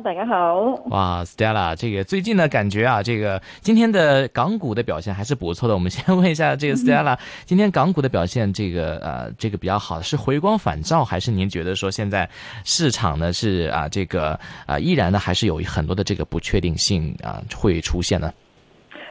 大家好！哇，Stella，這個最近呢，感覺啊，這個今天的港股的表現還是不錯的。我們先問一下這個 Stella，、嗯、今天港股的表現，這個呃，這個比較好，是回光返照，還是您覺得說現在市場呢是啊，這個啊，依然呢還是有很多的這個不確定性啊會出現呢？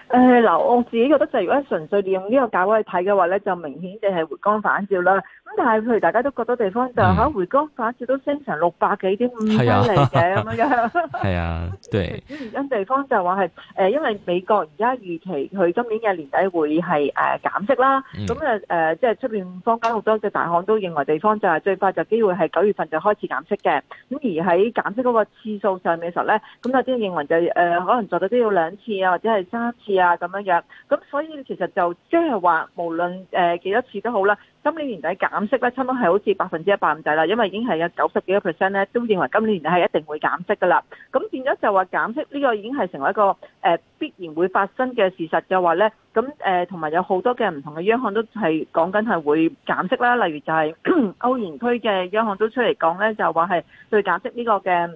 誒，嗱，我自己覺得就如果純粹利用呢個價位去睇嘅話咧，就明顯就係回光返照啦。咁但係譬如大家都覺得地方就喺、是嗯、回光返照都升成六百幾點五千嘅咁樣樣，係啊，對。咁而家地方就話係誒，因為美國而家預期佢今年嘅年底會係誒、呃、減息啦。咁就誒，即係出邊坊間好多嘅大行都認為地方就係最快就機會係九月份就開始減息嘅。咁而喺減息嗰個次數上面嘅時候咧，咁有啲人認為就誒、呃、可能做到都要兩次啊，或者係三次啊咁樣樣。咁所以其實就即係話，無論誒幾、呃、多次都好啦。今年年底減息咧，差唔多係好似百分之一百咁滯啦，因為已經係有九十幾個 percent 咧，都認為今年年底係一定會減息噶啦。咁變咗就話減息呢個已經係成為一個、呃、必然會發生嘅事實嘅話咧，咁誒、呃、同埋有好多嘅唔同嘅央行都係講緊係會減息啦。例如就係、是、 歐元區嘅央行都出嚟講咧，就話係對減息個、呃、呢個嘅誒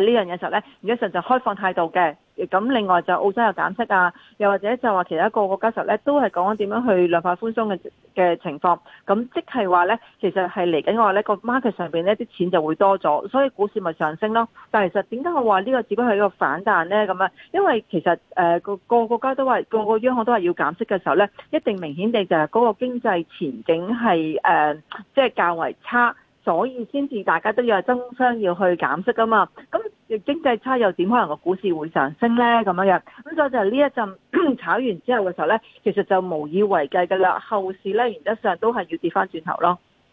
呢樣嘢實咧，而家實就開放態度嘅。咁另外就澳洲又減息啊，又或者就話其他個,個國家實咧都係講緊點樣去量化寬鬆嘅嘅情況，咁即係話咧其實係嚟緊話咧個 market 上面咧啲錢就會多咗，所以股市咪上升咯。但係其實點解我話呢個只不過係一個反彈咧咁樣，因為其實誒個,個國家都話個個央行都係要減息嘅時候咧，一定明顯地就係嗰個經濟前景係誒即係較為差。所以先至大家都要爭相要去減息噶嘛，咁經濟差又點可能個股市會上升呢？咁樣樣咁所以就係呢一陣 炒完之後嘅時候呢，其實就無以為繼噶啦，後市呢，原則上都係要跌翻轉頭咯。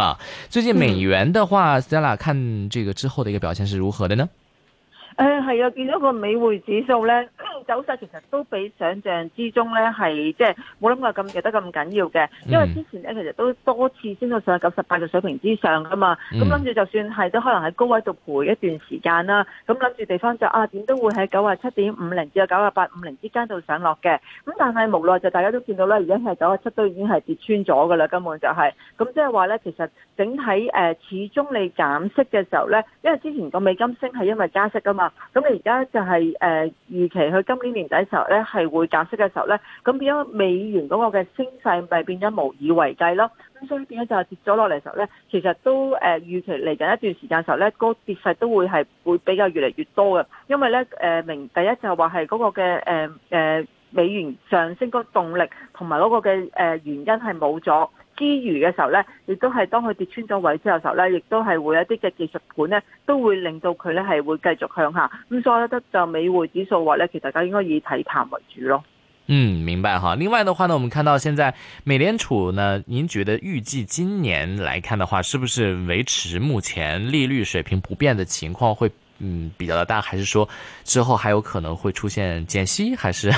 啊，最近美元的話，嗯，Stella 看這個之後的一個表現是如何的呢？誒係啊，見、哎、到個美匯指數咧、嗯、走勢，其實都比想像之中咧係即係冇諗過咁跌得咁緊要嘅，因為之前咧其實都多次升到上九十八嘅水平之上噶嘛，咁諗住就算係都可能喺高位度回一段時間啦，咁諗住地方就啊點都會喺九啊七點五零至到九啊八五零之間度上落嘅，咁但係無奈就大家都見到咧，而家係九啊七都已經係跌穿咗噶啦，根本就係、是，咁即係話咧其實整體誒、呃、始終你減息嘅時候咧，因為之前個美金升係因為加息噶嘛。咁你而家就係誒預期佢今年年底時候咧係會減息嘅時候咧，咁變咗美元嗰個嘅升勢咪變咗無以為繼咯。咁所以變咗就係跌咗落嚟時候咧，其實都誒預期嚟緊一段時間時候咧，嗰個跌勢都會係會比較越嚟越多嘅，因為咧誒明第一就係話係嗰個嘅誒美元上升嗰個動力同埋嗰個嘅原因係冇咗。之餘嘅時候呢，亦都係當佢跌穿咗位之後嘅時候呢，亦都係會有一啲嘅技術盤呢，都會令到佢呢係會繼續向下。咁所以得就美匯指數話呢，其實大家應該以睇淡為主咯。嗯，明白哈。另外的話呢，我們看到現在美聯儲呢，您覺得預計今年來看的話，是不是維持目前利率水平不變的情況會嗯比較大，還是說之後還有可能會出現減息還是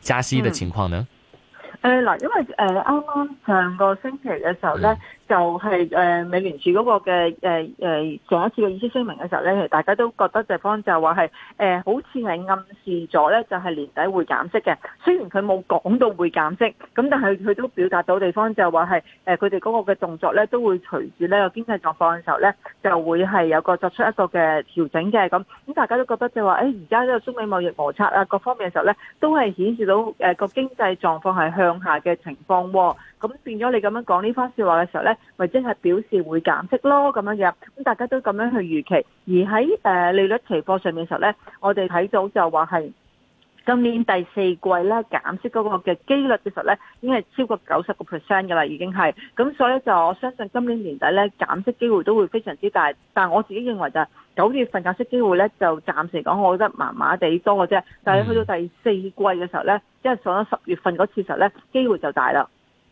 加息的情況呢？嗯誒，嗱，呃，因為誒啱啱上個星期嘅時候咧。嗯。就係誒美聯儲嗰個嘅誒誒上一次嘅議息聲明嘅時候咧，係大家都覺得地方就話係誒好似係暗示咗咧，就係年底會減息嘅。雖然佢冇講到會減息，咁但係佢都表達到地方就話係誒佢哋嗰個嘅動作咧，都會隨住呢個經濟狀況嘅時候咧，就會係有個作出一個嘅調整嘅咁。咁大家都覺得就話，誒而家呢個中美貿易摩擦啊，各方面嘅時候咧，都係顯示到誒個經濟狀況係向下嘅情況喎。咁變咗你咁樣講呢番說話嘅時候呢，咪即係表示會減息咯，咁樣嘅咁，大家都咁樣去預期。而喺誒利率期貨上面嘅時候呢，我哋睇到就話係今年第四季呢減息嗰個嘅機率嘅時候呢，已經係超過九十個 percent 㗎啦，已經係咁，所以就我相信今年年底呢減息機會都會非常之大。但係我自己認為就係九月份減息機會呢，就暫時講，我覺得麻麻地多嘅啫。但係去到第四季嘅時候呢，即係上咗十月份嗰次時候呢，機會就大啦。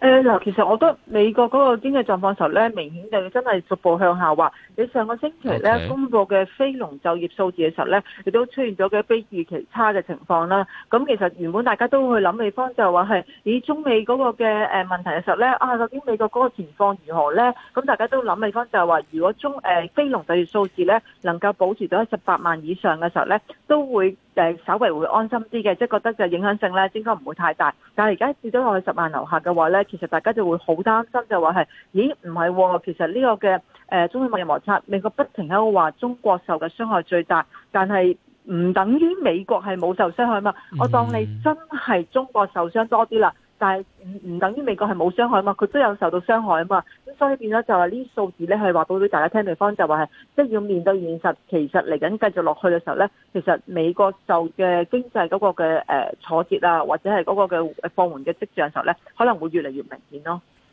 嗱，uh, 其實我覺得美國嗰個經濟狀況時候咧，明顯就真係逐步向下滑，你上個星期咧 Okay. 公佈嘅非農就業數字嘅時候咧，亦都出現咗嘅比預期差嘅情況啦。咁其實原本大家都會去諗美方就係話係以中美嗰個嘅誒問題嘅時候咧、啊，究竟美國嗰個情況如何咧？咁大家都諗美方就係、是、話，如果中誒、呃、非農就業數字咧能夠保持到喺十八萬以上嘅時候咧，都會誒、呃、稍微會安心啲嘅，即係覺得就影響性咧應該唔會太大。但係而家跌咗落去十萬樓下嘅話咧，其實大家就會好擔心，就話係，咦，唔係、哦，其實呢個嘅誒、呃、中美貿易摩擦，美國不停喺度話中國受嘅傷害最大，但係唔等於美國係冇受傷害嘛？我當你真係中國受傷多啲啦。但係唔唔等於美國係冇傷害啊嘛，佢都有受到傷害啊嘛，咁所以變咗就話呢數字咧係話俾大家聽，對方就話係即係要面對現實，其實嚟緊繼續落去嘅時候咧，其實美國就嘅經濟嗰個嘅誒挫折啊，或者係嗰個嘅放緩嘅跡象時候咧，可能會越嚟越明顯咯。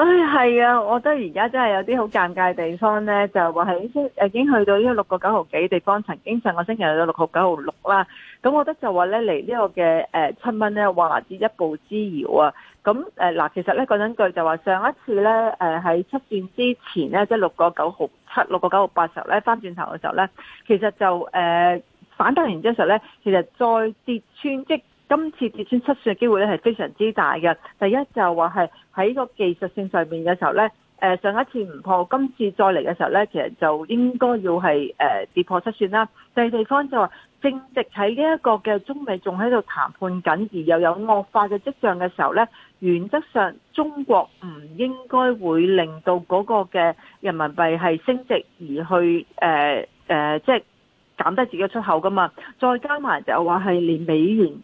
唉，係啊！我覺得而家真係有啲好尷尬地方呢，就話係已經去到呢個六個九號幾地方，曾經上個星期去到六個九號六啦。咁我覺得就話呢，嚟、呃、呢個嘅誒七蚊咧，話至一步之遙啊！咁嗱、呃，其實呢嗰人句就話上一次呢，誒、呃、喺七算之前呢，即係六個九號七、六個九號八時候呢，翻轉頭嘅時候呢，其實就誒、呃、反彈完之後呢，其實再跌穿即。今次跌穿七線嘅機會咧係非常之大嘅。第一就話，係喺個技術性上面嘅時候咧，誒，上一次唔破，今次再嚟嘅時候咧，其實就應該要係誒跌破七線啦。第二地方就話，正值喺呢一個嘅中美仲喺度談判緊，而又有惡化嘅跡象嘅時候咧，原則上中國唔應該會令到嗰個嘅人民幣係升值而去誒誒即係減低自己嘅出口噶嘛。再加埋就話，係連美元。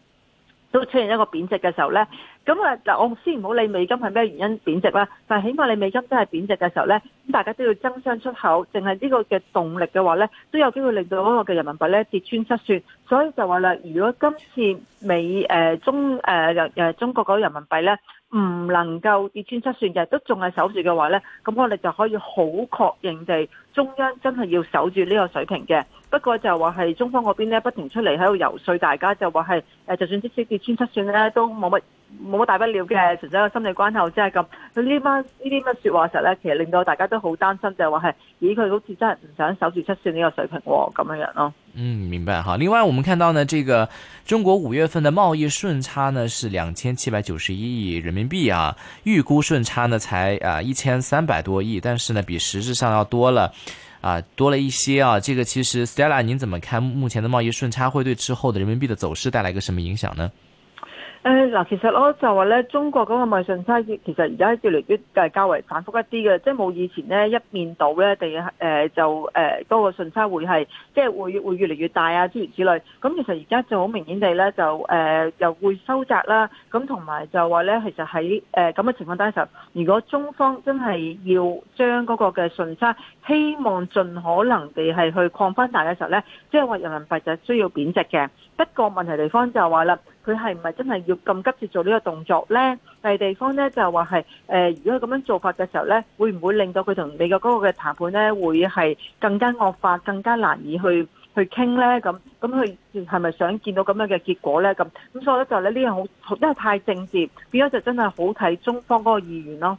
都出現一個貶值嘅時候呢，咁啊嗱，我先唔好理美金係咩原因貶值啦，但係起碼你美金都係貶值嘅時候呢，咁大家都要爭相出口，淨係呢個嘅動力嘅話呢，都有機會令到嗰個嘅人民幣呢跌穿七算，所以就話啦，如果今次美誒、呃、中誒人、呃、中國嗰人民幣呢。唔能夠跌穿七算嘅，都仲係守住嘅話呢，咁我哋就可以好確認地中央真係要守住呢個水平嘅。不過就話係中方嗰邊呢，不停出嚟喺度遊說大家，就話係誒，就算即使跌穿七算呢，都冇乜。冇乜大不了嘅，純粹個心理關口即係咁。佢、就是、呢班呢啲乜説話時候咧，其實令到大家都好擔心，就係話係咦佢好似真係唔想守住七算呢個水平喎、哦、咁樣樣咯。嗯，明白哈。另外，我們看到呢，這個中國五月份嘅貿易順差呢是兩千七百九十一億人民幣啊，預估順差呢才啊一千三百多億，但是呢比實質上要多了啊、呃、多了一些啊。這個其實 Stella，您怎麼看目前的貿易順差會對之後的人民幣的走勢帶來一個什麼影響呢？嗱、嗯，其實我就話咧，中國嗰個貿順差其實而家越嚟越誒較為反覆一啲嘅，即係冇以前咧一面倒咧，地就誒嗰、呃呃嗰個順差會係即係會,會越嚟越大啊之類之類。咁其實而家就好明顯地咧，就誒又、呃、會收窄啦。咁同埋就話咧，其實喺誒咁嘅情況底下時，如果中方真係要將嗰個嘅順差希望盡可能地係去擴翻大嘅時候咧，即係話人民幣就需要貶值嘅。不過問題地方就係話啦。佢係唔係真係要咁急切做呢個動作呢？第二地方呢就係話係誒，如果佢咁樣做法嘅時候呢，會唔會令到佢同美國嗰個嘅談判呢？會係更加惡化、更加難以去去傾呢？咁咁佢係咪想見到咁樣嘅結果呢？咁咁所以咧就呢樣好，因為太政治，變咗就真係好睇中方嗰個意願咯。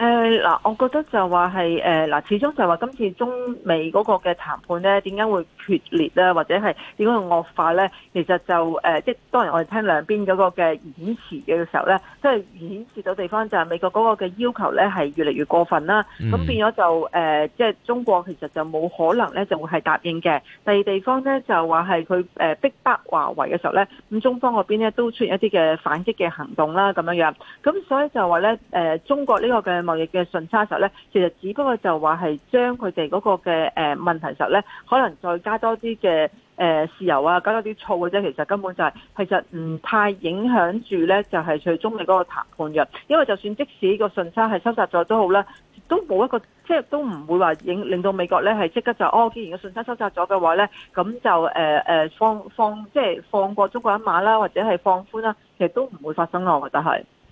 誒嗱、呃，我覺得就話係誒嗱，始終就話今次中美嗰個嘅談判咧，點解會決裂咧，或者係點樣惡化咧？其實就誒，即、呃、係當然我哋聽兩邊嗰個嘅演詞嘅時候咧，即係顯示到地方就係美國嗰個嘅要求咧係越嚟越過分啦。咁變咗就誒，即、呃、係中國其實就冇可能咧，就會係答應嘅。第二地方咧就話係佢逼迫華為嘅時候咧，咁中方嗰邊咧都出現一啲嘅反擊嘅行動啦，咁樣樣。咁所以就話咧、呃、中國呢個嘅嘅順差實咧，其實只不過就話係將佢哋嗰個嘅誒問題實咧，可能再加多啲嘅、呃、豉油啊，加多啲醋嘅啫。其實根本就係、是、其實唔太影響住咧，就係、是、隨中美嗰個談判嘅。因為就算即使個順差係收窄咗都好啦，都冇一個即係都唔會話影令到美國咧係即刻就哦，既然個順差收窄咗嘅話咧，咁就誒誒、呃、放放即係放過中國一馬啦，或者係放寬啦，其實都唔會發生咯，我覺得係。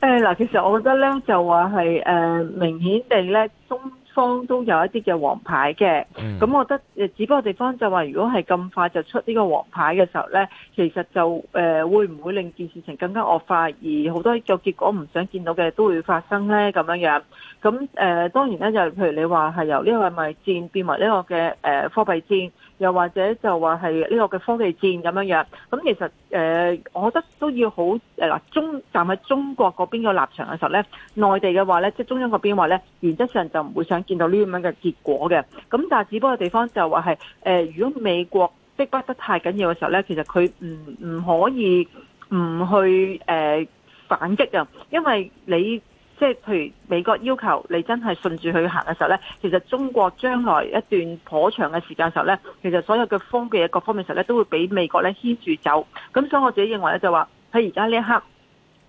誒，嗱，其實我覺得咧，就話係誒，明顯地咧，中方都有一啲嘅黃牌嘅。咁、嗯，我覺得誒，只不過地方就話，如果係咁快就出呢個黃牌嘅時候咧，其實就誒、呃，會唔會令件事情更加惡化，而好多嘅結果唔想見到嘅都會發生咧咁樣樣。咁誒、呃，當然咧就譬如你話係由呢個貿易戰變為呢個嘅誒貨幣戰。又或者就話係呢個嘅科技戰咁樣樣，咁其實誒，我覺得都要好誒嗱，中站喺中國嗰邊嘅立場嘅時候咧，內地嘅話咧，即係中央嗰邊話咧，原則上就唔會想見到呢咁樣嘅結果嘅。咁但係只不過地方就話係誒，如果美國逼迫得太緊要嘅時候咧，其實佢唔唔可以唔去誒反擊啊，因為你。即係譬如美國要求你真係順住佢行嘅時候呢,其實中國將來一段頗長嘅時間嘅時候呢，其實所有嘅科技嘅各方面嘅時候呢，都會俾美國呢牽住走。咁所以我自己認為呢，就話，喺而家呢一刻，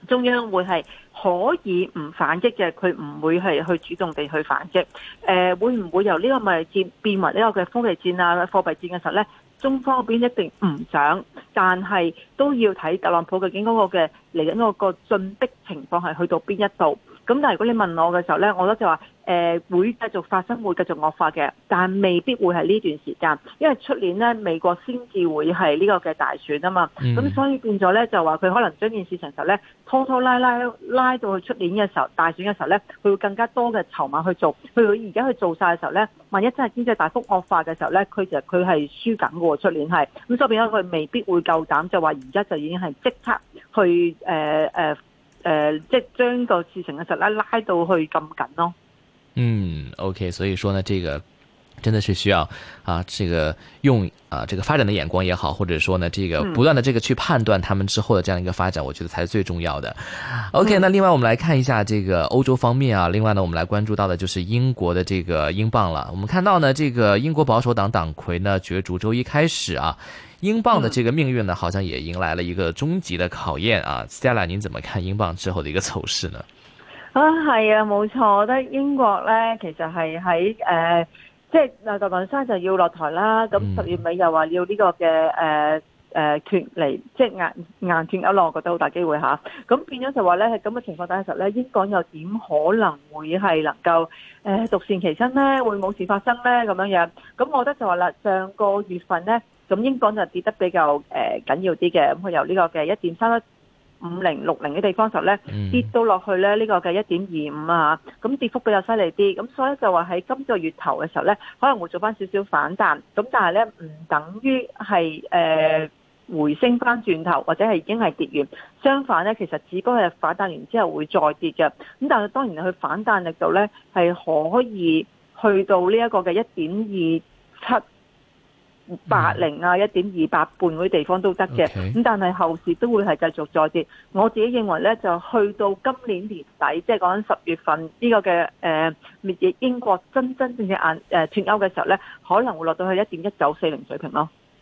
中央會係可以唔反擊嘅，佢唔會係去主動地去反擊。誒，會唔會由呢個貿易戰變為呢個嘅科技戰啊、貨幣戰嘅時候呢？中方嗰邊一定唔想，但係都要睇特朗普究竟嗰個嘅嚟緊嗰個進逼情況係去到邊一度。咁但係如果你問我嘅時候咧，我覺得就話誒、呃、會繼續發生，會繼續惡化嘅，但係未必會係呢段時間，因為出年咧美國先至會係呢個嘅大選啊嘛。咁、嗯、所以變咗咧就話佢可能將件事成實咧拖拖拉拉拉到去出年嘅時候大選嘅時候咧，佢會更加多嘅籌碼去做。佢而家去做晒嘅時候咧，萬一真係經濟大幅惡化嘅時候咧，佢其實佢係輸緊喎。出年係咁，所以變咗佢未必會夠膽，就話而家就已經係即刻去誒誒。呃呃呃，即係將個事情嘅實力拉到去咁緊咯。嗯，OK，所以說呢，這個真的是需要啊，這個用啊，這個發展的眼光也好，或者說呢，這個不斷的這個去判斷他們之後的這樣一個發展，嗯、我覺得才是最重要的。OK，、嗯、那另外我們來看一下這個歐洲方面啊，另外呢，我們來關注到的就是英國的這個英鎊了。我們看到呢，這個英國保守黨黨魁呢角逐周一開始啊。英鎊的這個命運呢，好像也迎來了一個終極的考驗啊、嗯、Stella，您怎麼看英鎊之後的一個走勢呢？啊，係啊，冇錯，我覺得英國咧其實係喺誒，即係啊，特林生就要落台啦，咁、嗯、十月尾又話要呢個嘅誒誒脱離，即係硬硬脱歐咯，我覺得好大機會吓。咁、啊、變咗就話咧咁嘅情況底下，實咧英國又點可能會係能夠誒、呃、獨善其身咧？會冇事發生咧？咁樣樣，咁我覺得就話啦，上個月份咧。咁英鎊就跌得比較誒、呃、緊要啲嘅，咁佢由呢個嘅一點三一五零六零嘅地方時候咧，嗯、跌到落去咧呢、呢個嘅一點二五啊，咁跌幅比較犀利啲，咁所以就話喺今個月頭嘅時候咧，可能會做翻少少反彈，咁但係咧唔等於係誒、呃、回升翻轉頭，或者係已經係跌完，相反咧其實只不過係反彈完之後會再跌嘅，咁但係當然佢反彈力度咧係可以去到呢一個嘅一點二七八零啊，一點二八半嗰啲地方都得嘅，咁 Okay. 但係後市都會係繼續再跌。我自己認為呢，就去到今年年底，即係講緊十月份呢、呢個嘅疫。呃、英國真真正正硬脫歐嘅時候呢，可能會落到去一點一九四零水平咯。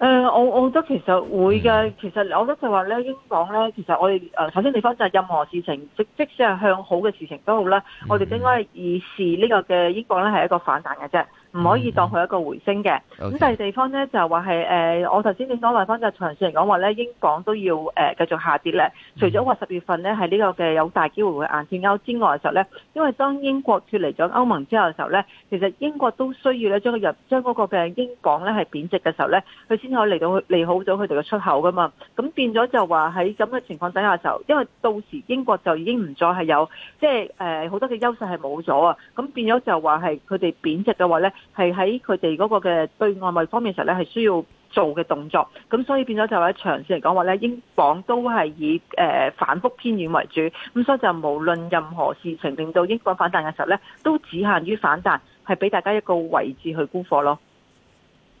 誒、呃，我我覺得其實會嘅。其實，我覺得就話咧，英國咧，其實我哋、呃、首先地方就係任何事情，即即使係向好嘅事情都好啦，我哋應該以示呢個嘅英國咧係一個反彈嘅啫。唔可以當佢一個回升嘅。咁第二地方咧就話話係我頭先點講話翻，就係、呃、長線嚟講話咧，英鎊都要誒、呃、繼續下跌咧。除咗話十月份咧係呢個嘅有大機會會硬脫歐之外嘅時候咧，因為當英國脫離咗歐盟之後嘅時候咧，其實英國都需要咧將佢入將嗰個嘅英鎊咧係貶值嘅時候咧，佢先可以嚟到利好咗佢哋嘅出口噶嘛。咁變咗就話喺咁嘅情況底下嘅時候，因為到時英國就已經唔再係有即係誒好多嘅優勢係冇咗啊。咁變咗就話係佢哋貶值嘅話咧。係喺佢哋嗰個嘅對外貿方面時候咧，係需要做嘅動作，咁所以變咗就喺長線嚟講話咧，英鎊都係以誒反覆偏軟為主，咁所以就無論任何事情令到英鎊反彈嘅時候咧，都只限於反彈，係俾大家一個位置去沽貨咯。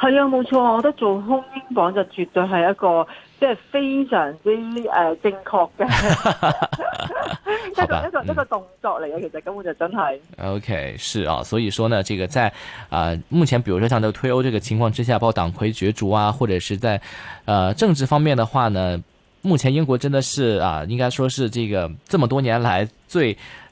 係啊，冇錯，我覺得做空英鎊就絕對係一個即係、就是、非常之誒、呃、正確嘅，一個一個一個動作嚟嘅，其實根本就真係。OK，是啊，所以說呢，這個在啊、呃、目前，比如說像這個退歐這個情況之下，包括黨魁角逐啊，或者是在呃政治方面的話呢，目前英國真的是啊、呃，應該說是這個這麼多年來最。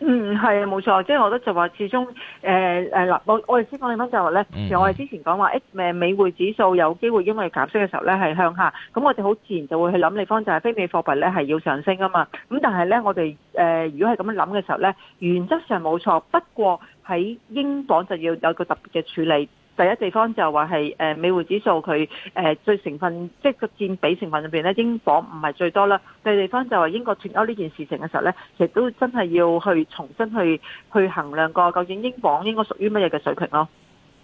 嗯，係啊，冇錯，即係我覺得就話，始終誒嗱、呃呃，我、就是嗯、我哋先講點樣就話咧，其實我哋之前講話，美匯指數有機會因為減息嘅時候咧係向下，咁我哋好自然就會去諗地方就係非美貨幣咧係要上升啊嘛，咁但係咧我哋誒、呃、如果係咁樣諗嘅時候咧，原則上冇錯，不過喺英鎊就要有個特別嘅處理。第一地方就話係美匯指數佢最成分，即係個佔比成分入面咧，英鎊唔係最多啦。第二地方就話英國脱歐呢件事情嘅時候咧，其實都真係要去重新去去衡量過，究竟英鎊應該屬於乜嘢嘅水平咯。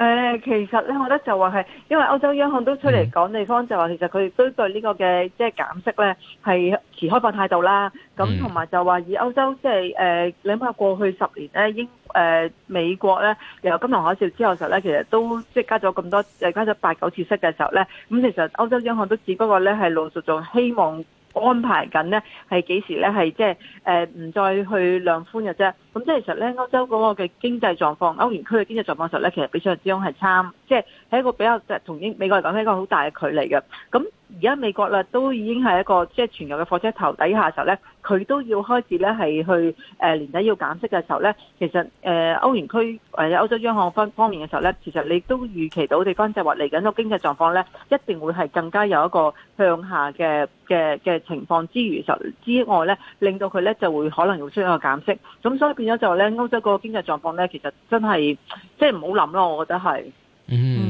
呃、其實咧，我覺得就話係，因為歐洲央行都出嚟講地方，嗯、就話其實佢都對呢個嘅即係減息咧，係持開放態度啦。咁同埋就話，以歐洲即係誒，你諗下過去十年咧，英誒、呃、美國咧，由金融海嘯之後時候咧，其實都即係加咗咁多，加咗八九次息嘅時候咧。咁、嗯、其實歐洲央行都只不過咧係老實，仲希望。安排緊呢係幾時呢？係即係誒，唔再去量寬嘅啫。咁即係其實呢，歐洲嗰個嘅經濟狀況，歐元區嘅經濟狀況，實呢，其實比上之中係差，即係係一個比較同英美國嚟講，係一個好大嘅距離嘅。而家美國啦，都已經係一個即係、就是、全球嘅火車頭底下嘅時候咧，佢都要開始咧係去誒、呃、年底要減息嘅時候咧，其實誒歐、呃、元區或者歐洲央行方方面嘅時候咧，其實你都預期到，地方就係話嚟緊個經濟狀況咧，一定會係更加有一個向下嘅嘅嘅情況之餘，就之外咧，令到佢咧就會可能做出一個減息，咁所以變咗就係咧歐洲個經濟狀況咧，其實真係即係唔好諗咯，我覺得係。嗯。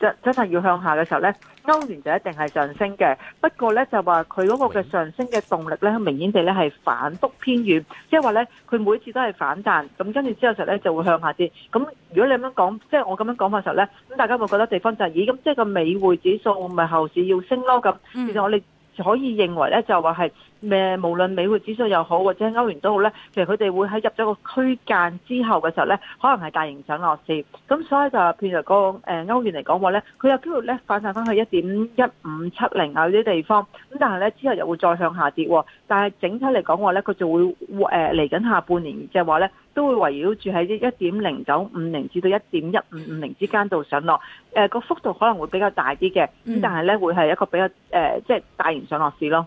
即真係要向下嘅時候咧，歐元就一定係上升嘅。不過咧就話佢嗰個嘅上升嘅動力咧，明顯地咧係反覆偏軟，即係話咧佢每次都係反彈，咁跟住之後實咧就會向下跌。咁如果你咁樣講，即係我咁樣講法時候咧，咁大家會覺得地方就係、是、咦咁，即係個美匯指數唔係後市要升咯。咁、嗯、其實我哋可以認為咧，就話係。誒無論美匯指數又好或者歐元都好咧，其實佢哋會喺入咗個區間之後嘅時候咧，可能係大型上落市。咁所以就譬如講誒歐元嚟講話咧，佢有機會咧反彈翻去一點一五七零啊啲地方，咁但係咧之後又會再向下跌。但係整體嚟講話咧，佢就會誒嚟緊下半年即係話咧，都會圍繞住喺一點零九五零至到一點一五五零之間度上落，誒、呃那個幅度可能會比較大啲嘅，咁但係咧會係一個比較誒即係大型上落市咯。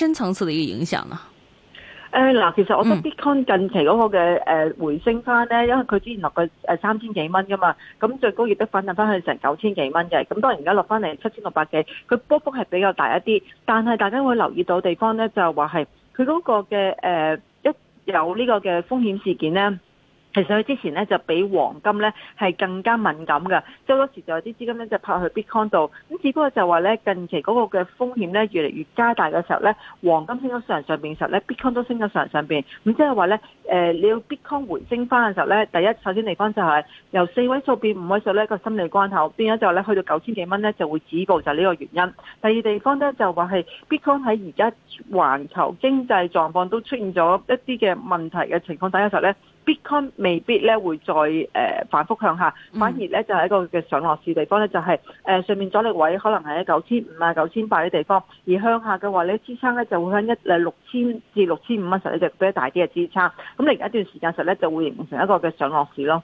深層次的一個影響啊？誒嗱，其實我覺得 Bitcoin 近期嗰個嘅誒回升翻咧，因為佢之前落過誒三千幾蚊噶嘛，咁最高亦都反彈翻去成九千幾蚊嘅，咁當然而家落翻嚟七千六百幾，佢波幅係比較大一啲，但係大家會留意到的地方咧就係話係佢嗰個嘅誒、呃、一有呢個嘅風險事件咧。其實佢之前咧就比黃金咧係更加敏感嘅，即係好多時就有啲資金咧就拍去 Bitcoin 度，咁只不過就話咧近期嗰個嘅風險咧越嚟越加大嘅時候咧，黃金升咗上上面嘅時候咧，Bitcoin 都升咗上上面。咁即係話咧誒你要 Bitcoin 回升翻嘅時候咧，第一首先地方就係由四位數變五位數咧個心理關口，變咗之後咧去到九千幾蚊咧就會止步就係呢個原因。第二地方咧就話係 Bitcoin 喺而家環球經濟狀況都出現咗一啲嘅問題嘅情況底下嘅時候咧。bitcoin 未必咧會再誒反覆向下，反而咧就係一個嘅上落市地方咧，就係誒上面阻力位可能喺九千五啊、九千八啲地方，而向下嘅話咧支撐咧就會向一誒六千至六千五蚊上，呢隻比較大啲嘅支撐，咁另一段時間上咧就會形成一個嘅上落市咯。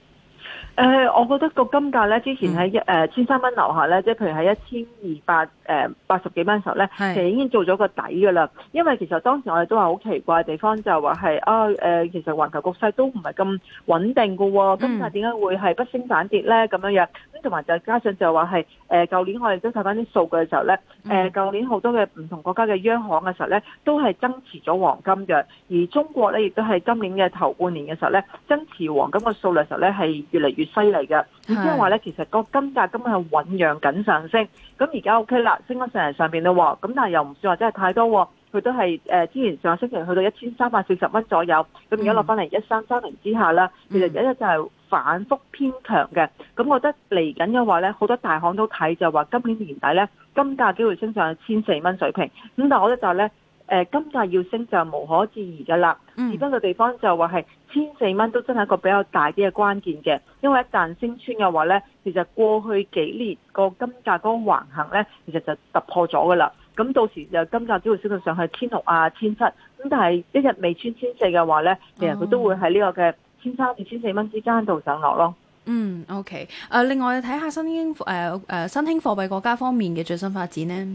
誒、呃，我覺得個金價咧，之前喺一誒千三蚊樓下咧，即係譬如喺一千二百誒八十幾蚊嘅時候咧，就已經做咗個底㗎啦。因為其實當時我哋都話好奇怪嘅地方，就話係啊誒、呃，其實環球局勢都唔係咁穩定嘅喎、哦，金價點解會係不升反跌咧咁樣樣？咁同埋就加上就話係誒，呃、舊年我哋都睇翻啲數據嘅時候咧，誒、嗯、呃、舊年好多嘅唔同國家嘅央行嘅時候咧，都係增持咗黃金嘅，而中國咧亦都係今年嘅頭半年嘅時候咧，增持黃金嘅數量時候咧係越嚟越越犀利嘅，咁即係話咧，其實個金價根本係醞釀緊上升，咁而家 O K 啦，升咗上嚟上邊啦，咁但係又唔算話真係太多，佢都係誒、呃，之前上個星期去到一千三百四十蚊左右，咁而家落翻嚟一三三零之下啦，其實而家就係反覆偏強嘅，咁我覺得嚟緊嘅話咧，好多大行都睇就話今年年底咧，金價機會升上去千四蚊水平，咁但係我覺得就係咧。誒金價要升就無可置疑噶啦，只不過地方就話係千四蚊都真係一個比較大啲嘅關鍵嘅，因為一旦升穿嘅話咧，其實過去幾年個金價嗰個橫行咧，其實就突破咗噶啦。咁到時就金價只會升到上去千六啊、千七，咁但係一日未穿千四嘅話咧，嗯、其實佢都會喺呢個嘅千三至千四蚊之間度上落咯。嗯，OK、呃。誒，另外睇下新興誒、呃、新興貨幣國家方面嘅最新發展咧。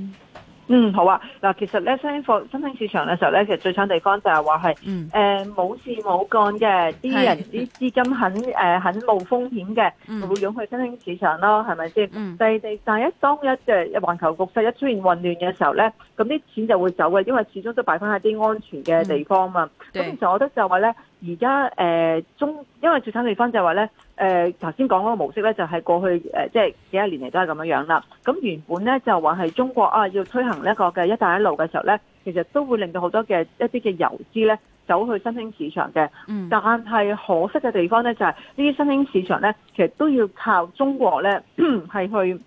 嗯，好啊。嗱，其實咧，新興新興市場嘅時候咧，其實最搶地方就係話係，誒冇、嗯呃、事冇干嘅，啲人啲資金很誒、呃、很冒風險嘅，嗯、就會湧去新興市場咯，係咪先？第第、嗯，但係一當一嘅環球局勢一出現混亂嘅時候咧，咁啲錢就會走嘅，因為始終都擺翻喺啲安全嘅地方啊嘛。咁其實我覺得就話咧。而家誒中，因為最慘嘅地方就係話咧，誒頭先講嗰個模式咧、呃，就係過去即係幾十年嚟都係咁樣樣啦。咁原本咧就話係中國啊，要推行呢個嘅一帶一路嘅時候咧，其實都會令到好多嘅一啲嘅遊資咧走去新興市場嘅。嗯、但係可惜嘅地方咧就係呢啲新興市場咧，其實都要靠中國咧係去。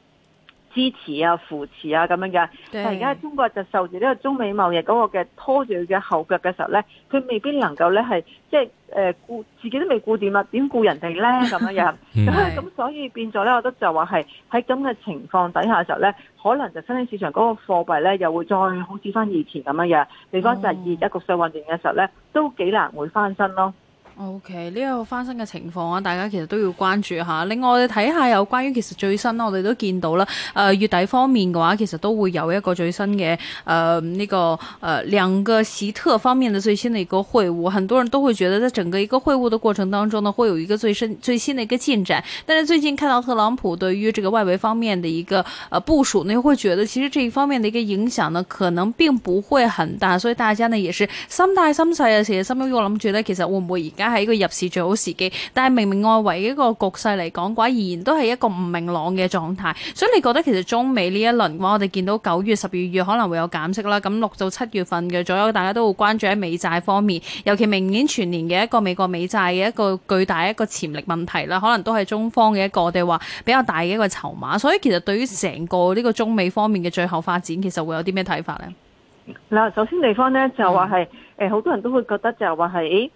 支持啊，扶持啊，咁樣嘅。但而家中國就受住呢個中美貿易嗰個嘅拖住佢嘅後腳嘅時候咧，佢未必能夠咧係即係誒顧自己都未顧掂啦，點顧人哋咧咁樣樣咁、 嗯， 所以變咗咧，我覺得就話係喺咁嘅情況底下嘅時候咧，可能就新興市場嗰個貨幣咧又會再好似翻以前咁樣樣，比方第二一個勢運轉嘅時候咧，都幾難會翻身咯。OK. 呢個翻新嘅情況啊，大家其實都要關注下。另外，我哋睇下有關於其實最新啦，我哋都見到啦。誒月底方面嘅話，其實都會有一個最新嘅誒呢個誒兩、呃、個習特方面的最新嘅一個會晤，很多人都會覺得在整個一個會晤嘅過程當中呢，會有一個最新最新的一個進展。但是最近看到特朗普對於這個外圍方面的一個、呃、部署呢，呢會覺得其實這一方面的一個影響呢，可能並不會很大。所以大家呢也是心大心細啊。其實心諗住呢，其實會唔會而家。係一個入市最好時機，但係明明外圍一個局勢嚟講嘅話，依然都係一個唔明朗嘅狀態。所以你覺得其實中美呢一輪嘅話，我哋見到九月、十二月可能會有減息啦。咁六到七月份嘅左右，大家都會關注喺美債方面，尤其明年全年嘅一個美國美債嘅一個巨大一個潛力問題啦，可能都係中方嘅一個，我哋話比較大嘅一個籌碼。所以其實對於成個呢個中美方面嘅最後發展，其實會有啲咩睇法呢？嗱，首先地方呢，就話係，誒好、嗯、多人都會覺得就話係。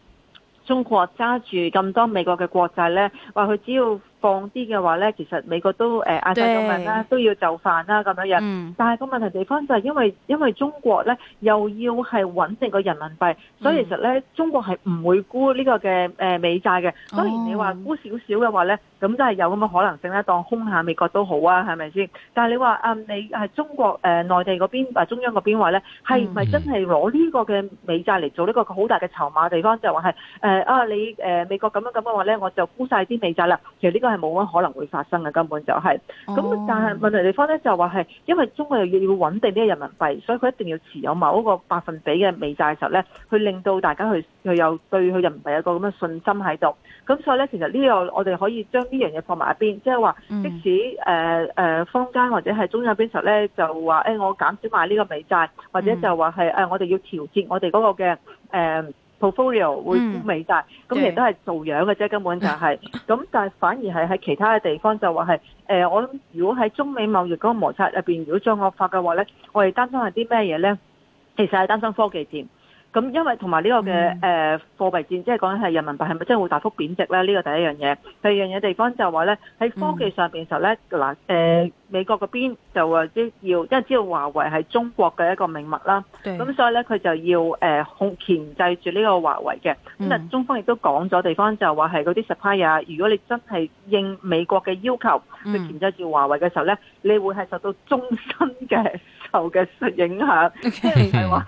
中國揸住咁多美國嘅國債呢，話佢只要放啲嘅話呢，其實美國都誒壓債眾民啦，對都要就範啦咁樣樣、嗯、但係個問題地方就係因為因為中國呢又要係穩定個人民幣，所以其實呢，嗯、中國係唔會沽呢個嘅美債嘅。當然你沽點點話沽少少嘅話呢。哦咁真係有咁嘅可能性咧，當空下美國都好啊，係咪先？但係你話啊、嗯，你係中國誒、呃、內地嗰邊或中央嗰邊話咧，係唔係真係攞呢個嘅美債嚟做呢個好大嘅籌碼地方？就話係誒啊，你誒、呃、美國咁樣咁樣話咧，我就沽晒啲美債啦。其實呢個係冇乜可能會發生嘅，根本就係、是。咁、哦、但係問題地方咧就話係，因為中國又要穩定呢個人民幣，所以佢一定要持有某一個百分比嘅美債嘅時候咧，去令到大家去、去有對佢人民幣有個咁嘅信心喺度。咁所以咧，其實呢個我哋可以將呢樣嘢放埋一邊，即係話即使誒誒、嗯呃、坊間或者係中央邊頭咧，就話誒、欸、我減少買呢個美債，或者就話係誒我哋要調節我哋嗰個嘅誒、呃、portfolio 會沽美債，咁、嗯、其實都係做樣嘅啫。根本就係、是、咁， 但係反而係喺其他嘅地方就話係誒。我諗如果喺中美貿易嗰個摩擦入邊，如果再惡化嘅話咧，我哋擔心係啲咩嘢咧？其實係擔心科技戰。咁因為同埋呢個嘅誒、嗯呃、貨幣戰，即係講緊係人民幣係咪真係會大幅貶值咧？呢、呢個第一樣嘢。第二樣嘢地方就係話咧，喺科技上面嘅時候咧，嗱、嗯呃、美國嗰邊就話即要，因為知道華為係中國嘅一個命脈啦，咁對所以咧佢就要誒控鉗制住呢個華為嘅。咁、嗯、但中方亦都講咗地方，就話係嗰啲 supplier 啊，如果你真係應美國嘅要求去鉗、嗯、制住華為嘅時候咧，你會係受到終身嘅受嘅影響，即係 Okay. 話。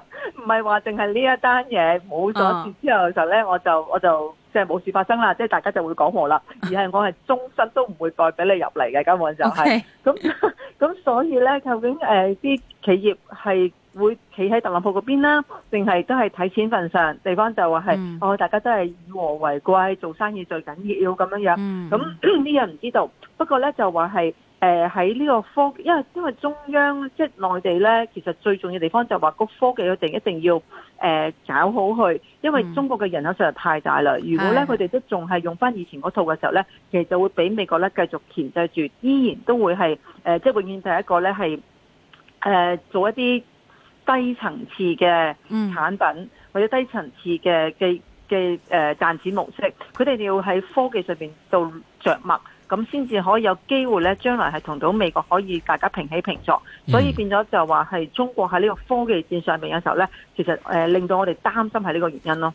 唔係話淨係呢一單嘢冇咗事之後就咧、uh huh.，我就我就即係冇事發生啦，即係大家就會講和啦。而係我係終身都唔會再俾你入嚟嘅根本就係、是。咁咁 Okay. 嗯嗯、所以咧，究竟啲、呃、企業係會企喺特朗普嗰邊啦，定係都係睇錢份上？地方就話係、mm hmm. 哦，大家都係以和為貴，做生意最緊要咁樣樣。咁呢樣唔知道。不過咧就話係。誒喺呢個科技，因為因為中央即係內地咧，其實最重要的地方就話個科技一定一定要、呃、搞好去，因為中國嘅人口實在太大啦。嗯、如果咧佢哋都仲係用翻以前嗰套嘅時候咧，其實就會俾美國咧繼續鉗制住，依然都會係、呃、即係永遠第一個咧係、呃、做一啲低層次嘅產品、嗯、或者低層次嘅嘅嘅誒賺錢模式，佢哋要喺科技上面做着墨。咁先至可以有機會咧，將來係同到美國可以大家平起平坐，所以變咗就話係中國喺呢個科技戰上面嘅時候咧，其實誒令到我哋擔心係呢個原因咯。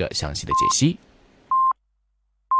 詳細的解析。